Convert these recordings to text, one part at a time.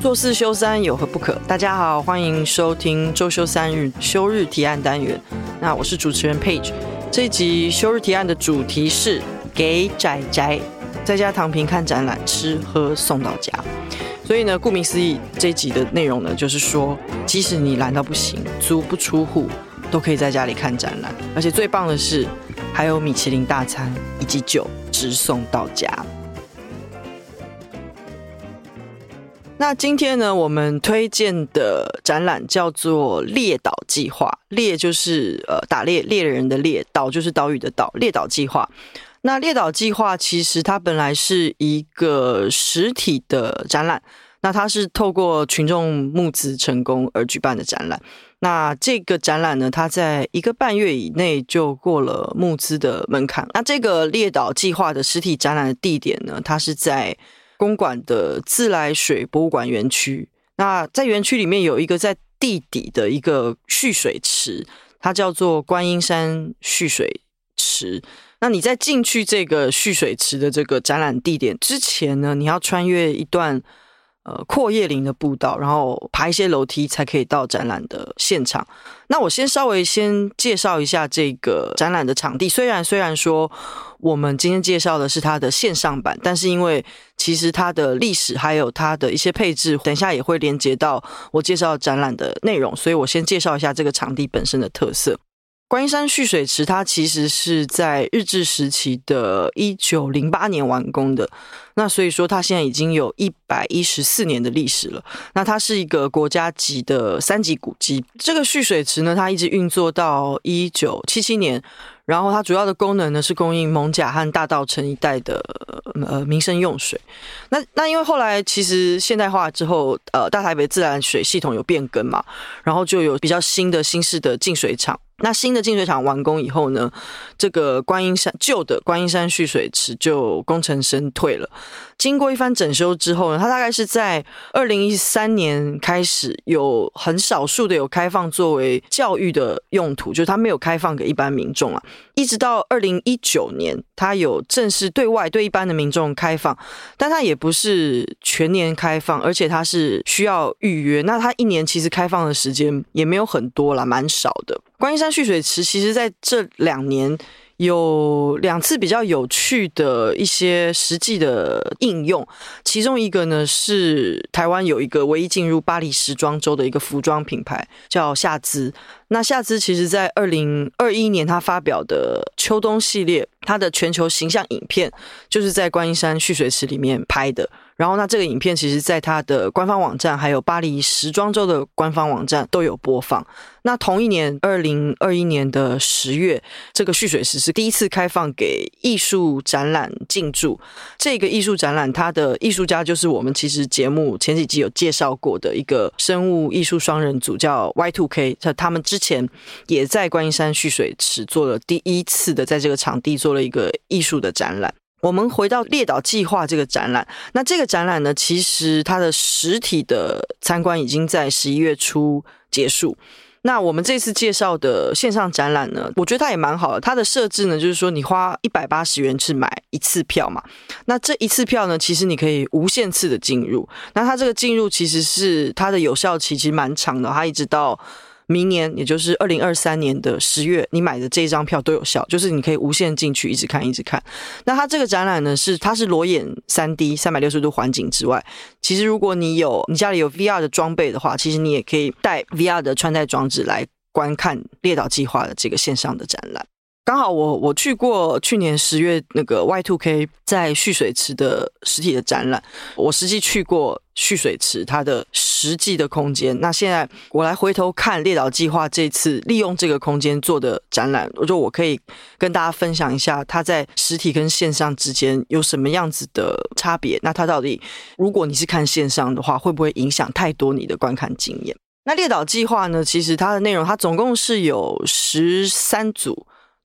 做四休三有何不可？大家好，歡迎收聽週休三日休日提案單元。那我是主持人 Page，這集休日提案的主題是給宅宅在家躺平看展覽、吃喝送到家。所以呢，顧名思義，這集的內容呢，就是說，即使你懶到不行、足不出戶，都可以在家裡看展覽，而且最棒的是，還有米其林大餐以及酒直送到家。那今天呢，我們推薦的展覽叫做《獵島計畫》。獵就是呃，打獵獵人的獵，島就是島嶼的島。獵島計畫。那獵島計畫其實它本來是一個實體的展覽，那它是透過群眾募資成功而舉辦的展覽。那這個展覽呢，它在一個半月以內就過了募資的門檻。那這個獵島計畫的實體展覽的地點呢，它是在公館的自來水博物館園區，那在園區裡面有一個在地底的一個蓄水池，它叫做觀音山蓄水池。那你在進去這個蓄水池的這個展覽地點之前呢，你要穿越一段呃闊葉林的步道，然後爬一些樓梯才可以到展覽的現場。那我先稍微先介紹一下這個展覽的場地，雖然雖然說，我們今天介紹的是它的線上版，但是因為其實它的歷史還有它的一些配置，等一下也會連接到我介紹展覽的內容，所以我先介紹一下這個場地本身的特色。觀音山蓄水池，它其實是在日治時期的一九零八年完工的，那所以說它現在已經有一百一十四年的歷史了。那它是一個國家級的三級古蹟。這個蓄水池呢，它一直運作到一九七七年。然後它主要的功能呢，是供應艋舺和大稻埕一帶的呃民生用水。那那因為後來其實現代化之後，呃，大台北自來水系統有變更嘛，然後就有比較新的新式的淨水廠。那新的淨水廠完工以後呢，這個觀音山舊的觀音山蓄水池就功成身退了。經過一番整修之後呢，它大概是在二零一三年開始有很少數的有開放作為教育的用途，就是它沒有開放給一般民眾啊。一直到二零一九年，它有正式對外對一般的民眾開放，但它也不是全年開放，而且它是需要預約。那它一年其實開放的時間也沒有很多啦，蠻少的。觀音山，蓄水池其實在這兩年，有兩次比較有趣的一些實際的應用，其中一個呢是台灣有一個唯一進入巴黎時裝周的一個服裝品牌，叫夏姿。那夏姿其實在二零二一年，他發表的秋冬系列，他的全球形象影片就是在觀音山蓄水池裡面拍的。然後，那這個影片其實在他的官方網站，還有巴黎時裝周的官方網站都有播放。那同一年，二零二一年的十月，這個蓄水池是第一次開放給藝術展覽進駐，這個藝術展覽它的藝術家就是我們其實節目前幾集有介紹過的一個生物藝術雙人組叫 Y Two K，他他們之前也在觀音山蓄水池做了第一次的在這個場地做了一個藝術的展覽。我們回到獵島計畫這個展覽，那這個展覽呢，其實它的實體的參觀已經在十一月初結束。那我們這次介紹的線上展覽呢，我覺得它也蠻好的。它的設置呢，就是說你花一百八十元去買一次票嘛。那這一次票呢，其實你可以無限次的進入。那它這個進入其實是它的有效期其實蠻長的，它一直到。明年，也就是二零二三年的十月，你買的這一張票都有效，就是你可以無限進去，一直看，一直看。那它這個展覽呢，是它是裸眼三 D、三百六十度環景之外，其實如果你有你家裡有 VR 的裝備的話，其實你也可以帶 VR 的穿戴裝置來觀看《獵島計畫》的這個線上的展覽。剛好我我去過去年十月那個 Y Two K 在蓄水池的實體的展覽，我實際去過蓄水池它的實際的空間。那現在我來回頭看獵島計劃這次利用這個空間做的展覽，我就我可以跟大家分享一下它在實體跟線上之間有什麼樣子的差別。那它到底如果你是看線上的話，會不會影響太多你的觀看經驗？那獵島計劃呢？其實它的內容它總共是有十三組。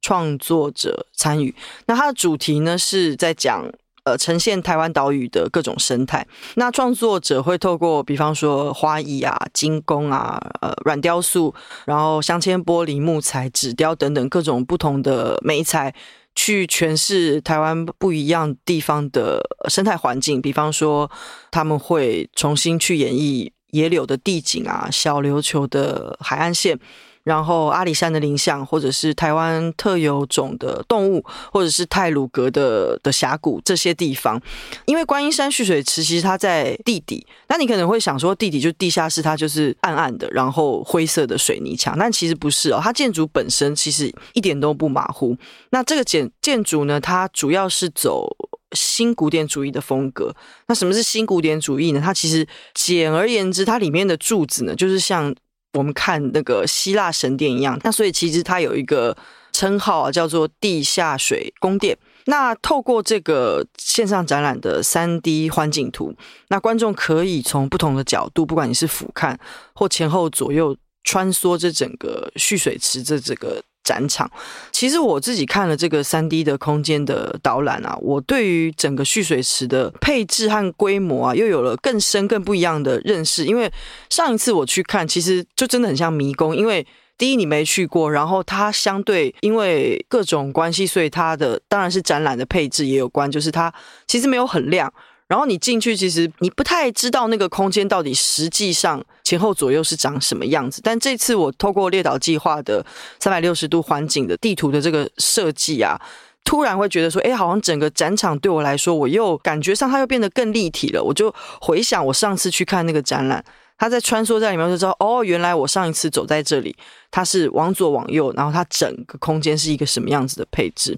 創作者參與，那它的主題呢，是在講呃，呈現台灣島嶼的各種生態。那創作者會透過比方說花藝啊、金工啊、呃、軟雕塑，然後鑲嵌玻璃、木材、紙雕等等各種不同的媒材，去詮釋台灣不一樣地方的生態環境。比方說，他們會重新去演繹野柳的地景啊、小琉球的海岸線。然後阿里山的林相，或者是台灣特有種的動物，或者是太魯閣的的峽谷這些地方，因為觀音山蓄水池其實它在地底，那你可能會想說地底就地下室，它就是暗暗的，然後灰色的水泥牆，但其實不是哦，它建築本身其實一點都不馬虎。那這個建建築呢，它主要是走新古典主義的風格。那什麼是新古典主義呢？它其實簡而言之，它裡面的柱子呢，就是像。我們看那個希臘神殿一樣，那所以其實它有一個稱號啊，叫做“地下水宮殿”。那透過這個線上展覽的三 D 環景圖，那觀眾可以從不同的角度，不管你是俯瞰或前後左右穿梭這整個蓄水池這整個。展場，其實我自己看了這個 3D 的空間的導覽啊，我對於整個蓄水池的配置和規模啊，又有了更深、更不一樣的認識。因為上一次我去看，其實就真的很像迷宮。因為第一你沒去過，然後它相對因為各種關係，所以它的當然是展覽的配置也有關，就是它其實沒有很亮。然後你進去，其實你不太知道那個空間到底實際上前後左右是長什麼樣子。但這次我透過獵島計劃的三百六十度環景的地圖的這個設計啊，突然會覺得說，哎，好像整個展場對我來說，我又感覺上它又變得更立體了。我就回想我上次去看那個展覽，它在穿梭在裡面，就知道哦，原來我上一次走在這裡，它是往左往右，然後它整個空間是一個什麼樣子的配置。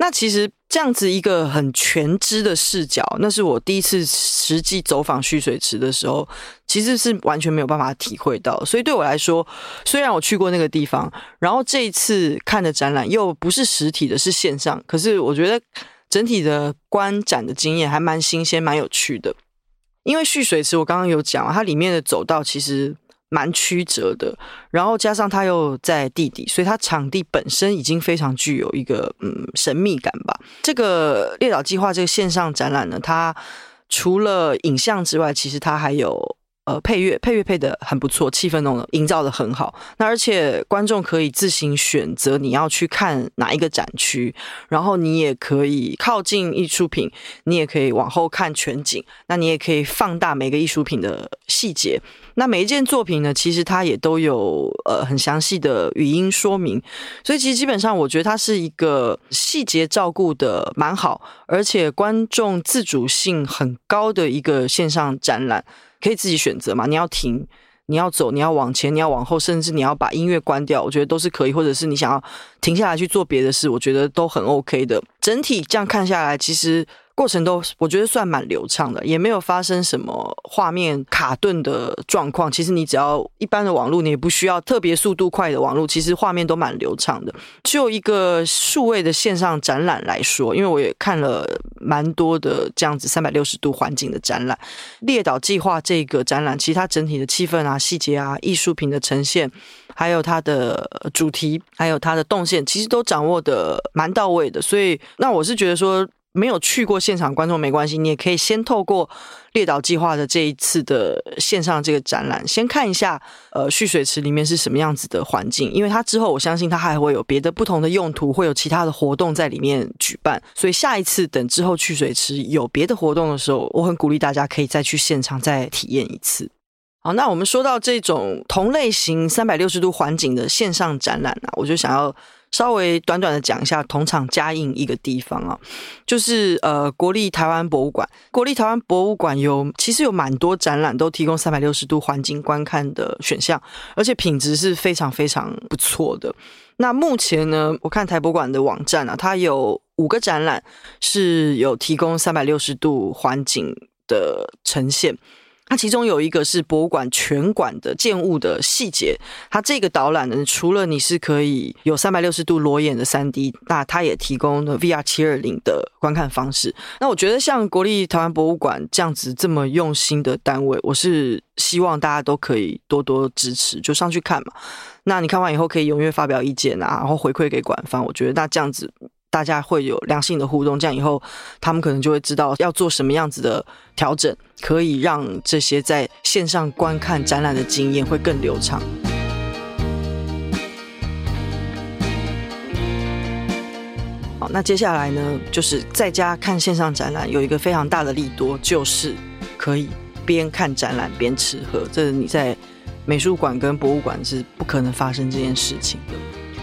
那其實。這樣子一個很全知的視角，那是我第一次實際走訪蓄水池的時候，其實是完全沒有辦法體會到。所以對我來說，雖然我去過那個地方，然後這一次看的展覽又不是實體的，是線上，可是我覺得整體的觀展的經驗還蠻新鮮、蠻有趣的。因為蓄水池，我剛剛有講，它裡面的走道其實。蠻曲折的，然後加上他又在地底，所以他場地本身已經非常具有一個嗯神秘感吧。這個《獵島計畫》這個線上展覽呢，它除了影像之外，其實它還有。呃，配樂配樂配得很不錯，氣氛弄得營造得很好。那而且觀眾可以自行選擇你要去看哪一個展區，然後你也可以靠近藝術品，你也可以往後看全景，那你也可以放大每個藝術品的細節。那每一件作品呢，其實它也都有呃很詳細的語音說明。所以其實基本上我覺得它是一個細節照顧得蠻好，而且觀眾自主性很高的一個線上展覽。可以自己選擇嘛？你要停，你要走，你要往前，你要往後，甚至你要把音樂關掉，我覺得都是可以。或者是你想要停下來去做別的事，我覺得都很 OK 的。整體這樣看下來，其實。過程都我覺得算蠻流暢的，也沒有發生什麼畫面卡頓的狀況。其實你只要一般的網絡，你也不需要特別速度快的網絡，其實畫面都蠻流暢的。就一個數位的線上展覽來說，因為我也看了蠻多的這樣子三百六十度環境的展覽，《獵島計畫》這個展覽，其實它整體的氣氛啊、細節啊、藝術品的呈現，還有它的主題，還有它的動線，其實都掌握得蠻到位的。所以，那我是覺得說。沒有去過現場觀眾沒關係，你也可以先透過《獵島計畫》的這一次的線上這個展覽，先看一下呃蓄水池裡面是什麼樣子的環境。因為它之後我相信它還會有別的不同的用途，會有其他的活動在裡面舉辦。所以下一次等之後蓄水池有別的活動的時候，我很鼓勵大家可以再去現場再體驗一次。好，那我們說到這種同類型三百六十度環景的線上展覽啊，我就想要稍微短短的講一下同場加映一個地方啊，就是呃國立台灣博物館。國立台灣博物館有其實有蠻多展覽都提供三百六十度環景觀看的選項，而且品質是非常非常不錯的。那目前呢，我看臺博館的網站啊，它有五個展覽是有提供三百六十度環景的呈現。它其中有一個是博物館全館的建物的細節，它這個導覽呢，除了你是可以有三百六十度裸眼的三 D，那它也提供了 VR 七二零的觀看方式。那我覺得像國立台灣博物館這樣子這麼用心的單位，我是希望大家都可以多多支持，就上去看嘛。那你看完以後可以踴躍發表意見啊，然後回饋給館方。我覺得那這樣子。大家會有良性的互動，這樣以後他們可能就會知道要做什麼樣子的調整，可以讓這些在線上觀看展覽的經驗會更流暢。好，那接下來呢，就是在家看線上展覽有一個非常大的利多，就是可以邊看展覽邊吃喝，這是你在美術館跟博物館是不可能發生這件事情的。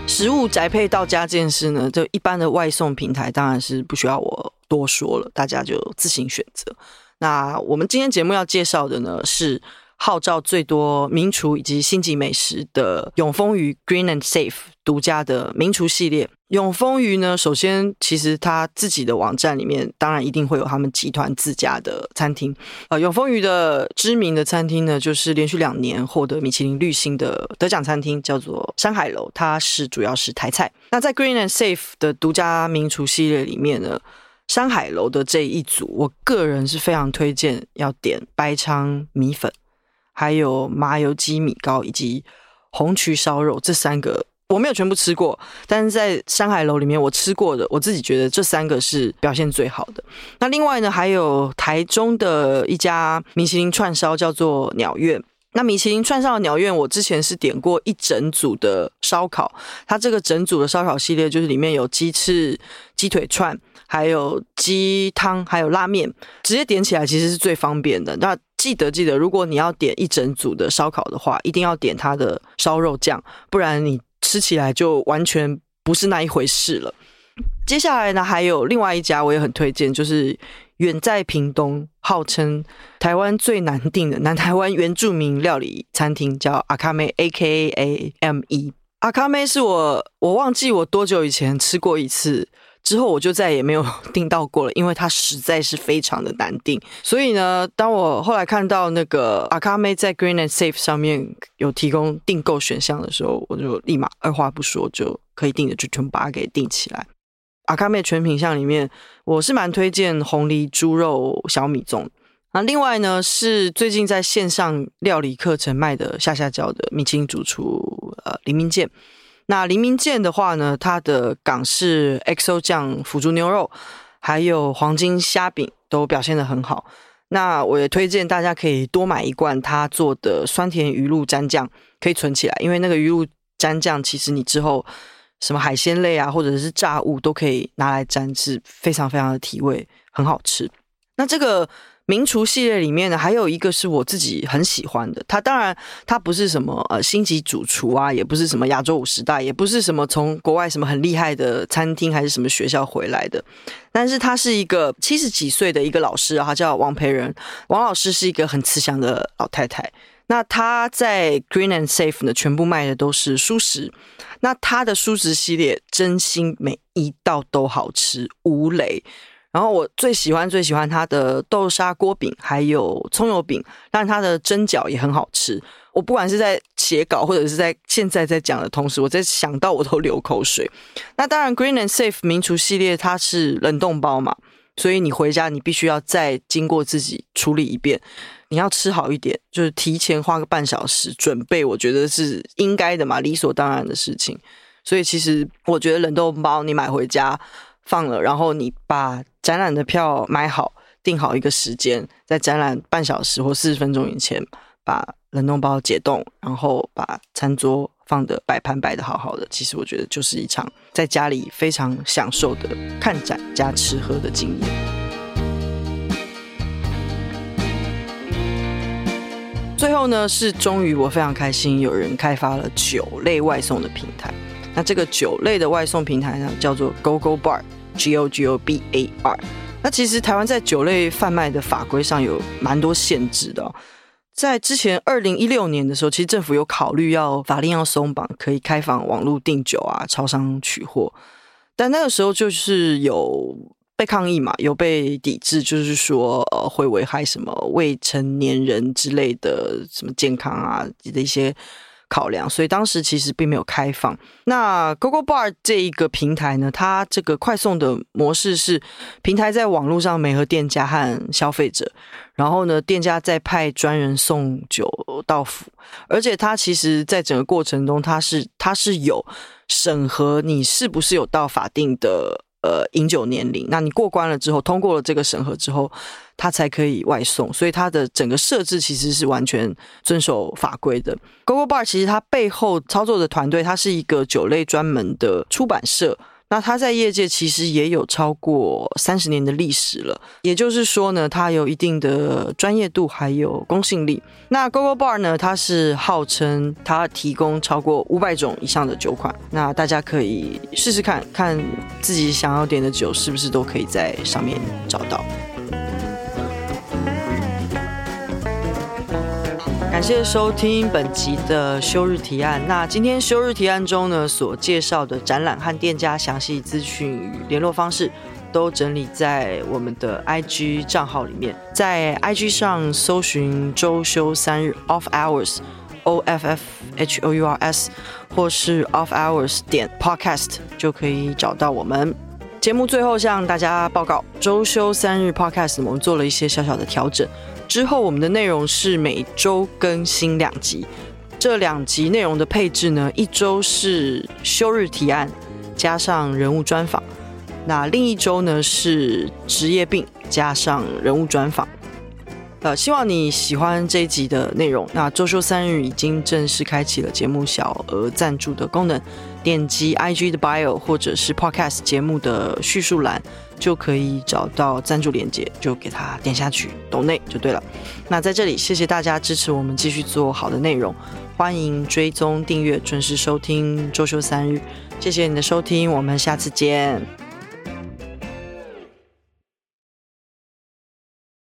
食物宅配到家這件事呢，就一般的外送平台當然是不需要我多說了，大家就自行選擇。那我們今天節目要介紹的呢，是號召最多名廚以及星級美食的永豐餘 Green and Safe 獨家的名廚系列。永豐餘呢，首先，其實它自己的網站裡面，當然一定會有他們集團自家的餐廳。呃，永豐餘的知名的餐廳呢，就是連續兩年獲得米其林綠星的得獎餐廳，叫做山海樓。它是主要是台菜。那在 Green and Safe 的獨家名廚系列裡面呢，山海樓的這一組，我個人是非常推薦要點白鯧米粉，還有麻油雞米糕以及紅麴燒肉這三個。我沒有全部吃過，但是在山海樓裡面我吃過的，我自己覺得這三個是表現最好的。那另外呢，還有台中的一家米其林串燒叫做鳥苑。那米其林串燒的鳥苑，我之前是點過一整組的燒烤。它這個整組的燒烤系列就是裡面有雞翅、雞腿串，還有雞湯，還有拉麵，直接點起來其實是最方便的。那記得記得，如果你要點一整組的燒烤的話，一定要點它的燒肉醬，不然你，吃起來就完全不是那一回事了。接下來呢，還有另外一家我也很推薦，就是遠在屏東，號稱台灣最難訂的南台灣原住民料理餐廳，叫阿卡梅 AKAME。阿卡梅是我我忘記我多久以前吃過一次。之後我就再也沒有訂到過了，因為它實在是非常的難訂。所以呢，當我後來看到那個 AKAME 在 Green and Safe 上面有提供訂購選項的時候，我就立馬二話不說就可以訂的，就全部把它給訂起來。AKAME 全品項裡面，我是蠻推薦紅藜、豬肉小米粽。那、啊、另外呢，是最近在線上料理課程賣的下下椒的米其林主廚呃林明健。那林明健的話呢，他的港式 XO 醬腐竹牛肉，還有黃金蝦餅都表現得很好。那我也推薦大家可以多買一罐他做的酸甜魚露蘸醬，可以存起來，因為那個魚露蘸醬其實你之後什麼海鮮類啊，或者是炸物都可以拿來沾，是非常非常的提味，很好吃。那這個。名廚系列裡面呢，還有一個是我自己很喜歡的。他當然他不是什麼呃星級主廚啊，也不是什麼亞洲五十大，也不是什麼從國外什麼很厲害的餐廳還是什麼學校回來的。但是他是一個七十幾歲的一個老師啊，他叫王培仁。王老師是一個很慈祥的老太太。那他在 Green and Safe 呢，全部賣的都是蔬食。那他的蔬食系列真心每一道都好吃，無雷。然後我最喜歡最喜歡它的豆沙鍋餅，還有蔥油餅，但是它的蒸餃也很好吃。我不管是在寫稿或者是在現在在講的同時，我在想到我都流口水。那當然，Green and Safe 名廚系列它是冷凍包嘛，所以你回家你必須要再經過自己處理一遍，你要吃好一點，就是提前花個半小時準備，我覺得是應該的嘛，理所當然的事情。所以其實我覺得冷凍包你買回家。放了，然後你把展覽的票買好，定好一個時間，在展覽半小時或四十分鐘以前，把冷凍包解凍，然後把餐桌放的擺盤擺的好好的。其實我覺得就是一場在家裡非常享受的看展加吃喝的經驗。最後呢，是終於我非常開心，有人開發了酒類外送的平台。那這個酒類的外送平台呢，叫做 GoGo Bar，G O G O B A R。那其實台灣在酒類販賣的法規上有蠻多限制的哦。在之前二零一六年的時候，其實政府有考慮要法令要鬆綁，可以開放網絡訂酒啊、超商取貨，但那個時候就是有被抗議嘛，有被抵制，就是說呃會危害什麼未成年人之類的什麼健康啊這些。考量，所以當時其實並沒有開放。那 Gogobar 這一個平台呢，它這個快送的模式是平台在網絡上媒合店家和消費者，然後呢，店家再派專人送酒到府，而且它其實在整個過程中，它是它是有審核你是不是有到法定的，呃，飲酒年齡，那你過關了之後，通過了這個審核之後，它才可以外送，所以它的整個設置其實是完全遵守法規的。Gogobar 其實它背後操作的團隊，它是一個酒類專門的出版社。那它在業界其實也有超過三十年的歷史了，也就是說呢，它有一定的專業度還有公信力。那 Gogobar 呢，它是號稱它提供超過五百種以上的酒款，那大家可以試試看，看自己想要點的酒是不是都可以在上面找到。感謝收聽本集的休日提案。那今天休日提案中呢，所介紹的展覽和店家詳細資訊與聯絡方式，都整理在我們的 IG 賬號裡面。在 IG 上搜尋“週休三日 ”（off hours，o f f h o u r s） 或是 “off hours” 點 podcast，就可以找到我們。節目最後向大家報告，週休三日 podcast 我們做了一些小小的調整。之後，我們的內容是每周更新兩集。這兩集內容的配置呢，一周是休日提案加上人物專訪，那另一周呢是職業病加上人物專訪。呃，希望你喜歡這一集的內容。那周休三日已經正式開啟了節目小額贊助的功能，點擊 IG 的 bio 或者是 Podcast 節目的敘述欄，就可以找到贊助連結，就給它點下去，Donate 就對了。那在這裡，謝謝大家支持我們繼續做好的內容，歡迎追蹤訂閱，準時收聽周休三日。謝謝你的收聽，我們下次見。